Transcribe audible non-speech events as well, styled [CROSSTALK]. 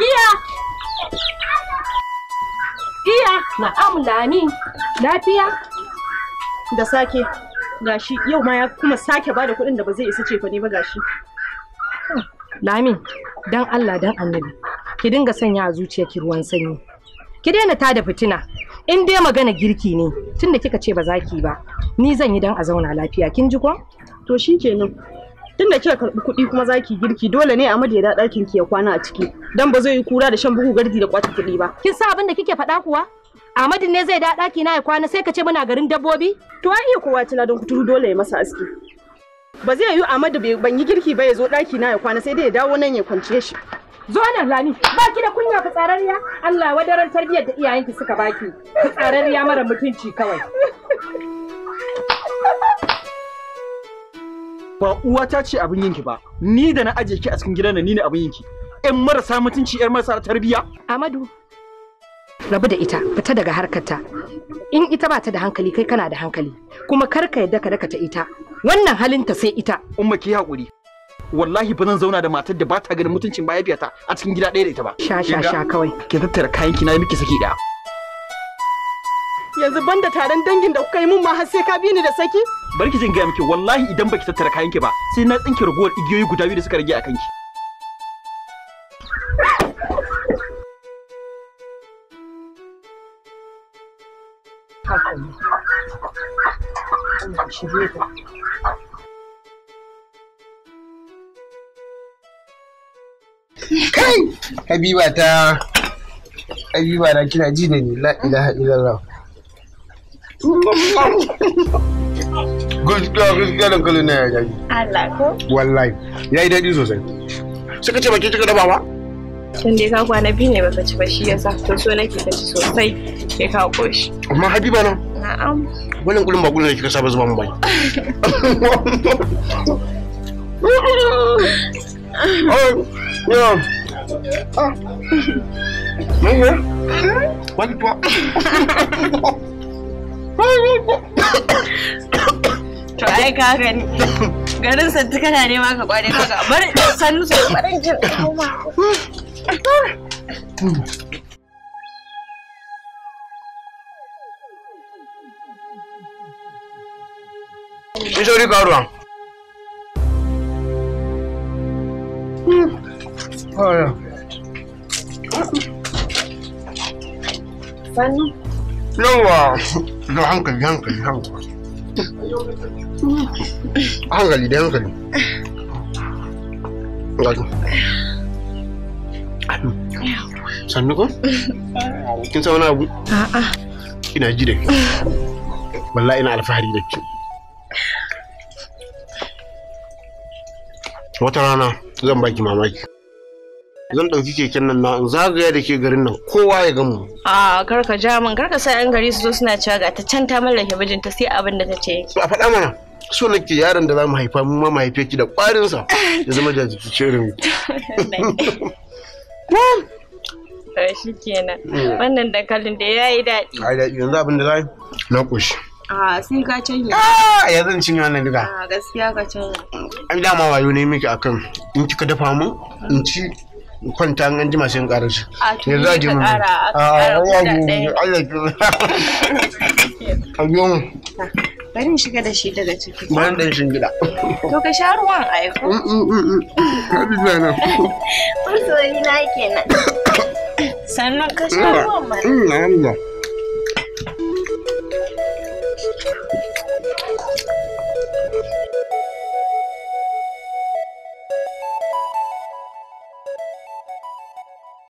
Iya! Iya! Na'am lami lafiya da sake gashi yau ma ya kuma sake bada kuɗin da ba zai isa ce ne ba gashi. Lami dan Allah dan annabi ki dinga sanya a zuciyarki ruwan sanyi. Ki daina tada fitina in dai magana girki ne tunda kika ce ba za ki ba ni zan yi dan a zauna lafiya kin ji ko? To shikenan. tun da kika karɓi kuɗi kuma zaki girki dole ne a ya da ɗakin ki ya kwana a ciki dan ba zai yi kura da shan bugu gardi da kwata kuɗi ba kin san abin da kike faɗa kuwa Amadu ne zai da ɗaki na ya kwana sai ka ce muna garin dabbobi to a iya kowa tuna don kuturu dole ya masa aski ba zai yi Amadu ban yi girki ba ya zo ɗaki na ya kwana sai dai ya dawo nan ya kwance shi zo nan rani baki da kunya ka tsararriya? Allah wadaran tarbiyyar da iyayenki suka baki ka tsararriya mara mutunci kawai ba uwa ta ce abin yinki ba ni da na aje ki a cikin gidan ni ne abin yinki yan marasa mutunci yan marasa tarbiya Amadu rabu da ita fita daga harkarta in ita ba ta da hankali kai kana da hankali kuma kar ka yadda ka daka ta ita wannan halin ta sai ita umma ki hakuri wallahi ba zan zauna da matar da ba ta ganin mutuncin mahaifiyata a cikin gida ɗaya da ita ba sha sha sha kawai ki tattara kayan ki na miki saki ɗaya yanzu banda taron dangin da kuka yi mun ma har sai ka bi ni da saki barki jin gaya miki wallahi idan baki tattara kayan ki ba sai na tsinke ragowar igiyoyi guda biyu da suka rage a kanki Kai! Habiba ta, Habiba na kina ji da ni la ilaha illallah. gaskiya ko wallahi ya yi daɗi sosai suka ce baki cika dafa ba tun dai ka kwana biyu ne baka ci ba shi yasa to so nake ka ci sosai sai ka koshi amma habiba na na'am wannan kullum ba kullum da kika saba zuba mu bai Oh, yeah. Ah. to ai ka gani garin santi kana nema ka kware kaga bar sannu sai barin jin Ishori karuwan. Sannu. yawa da hankali hankali hankali hankali da hankali sannu ko? kin wani abu? a'a ina ji da ke ina alfahari da ke wata rana zan baki mamaki zan ɗauki keken nan na zagaya da ke garin nan kowa ya gamu. a karka ja min karka sa yan gari su zo suna cewa ga ta can ta mallake mijinta sai abin da ta ce yake. a faɗa mana so nake yaron da za mu haifa mu ma mu haife ki da sa ya zama cerin [LAUGHS] shi kenan mm. wannan dankalin da ya yi daɗi. a daɗi yanzu abin da za na ƙoshi. a sai ka canja. a ah, yanzu zan cinye wannan duka. a gaskiya ka canja. ai dama wayo ne miki akan in kika dafa mu in ci kwanta an ji masu yin ƙarar su. A tuni ka a ƙara A biyo mu. Bari in shiga da shi daga ciki. Bayan ɗan gida. To ka sha ruwan a yi ko? Mm, mm, mm, Haɗu da nan. yi na kenan. [COUGHS] Sannan ka sha ruwan ma.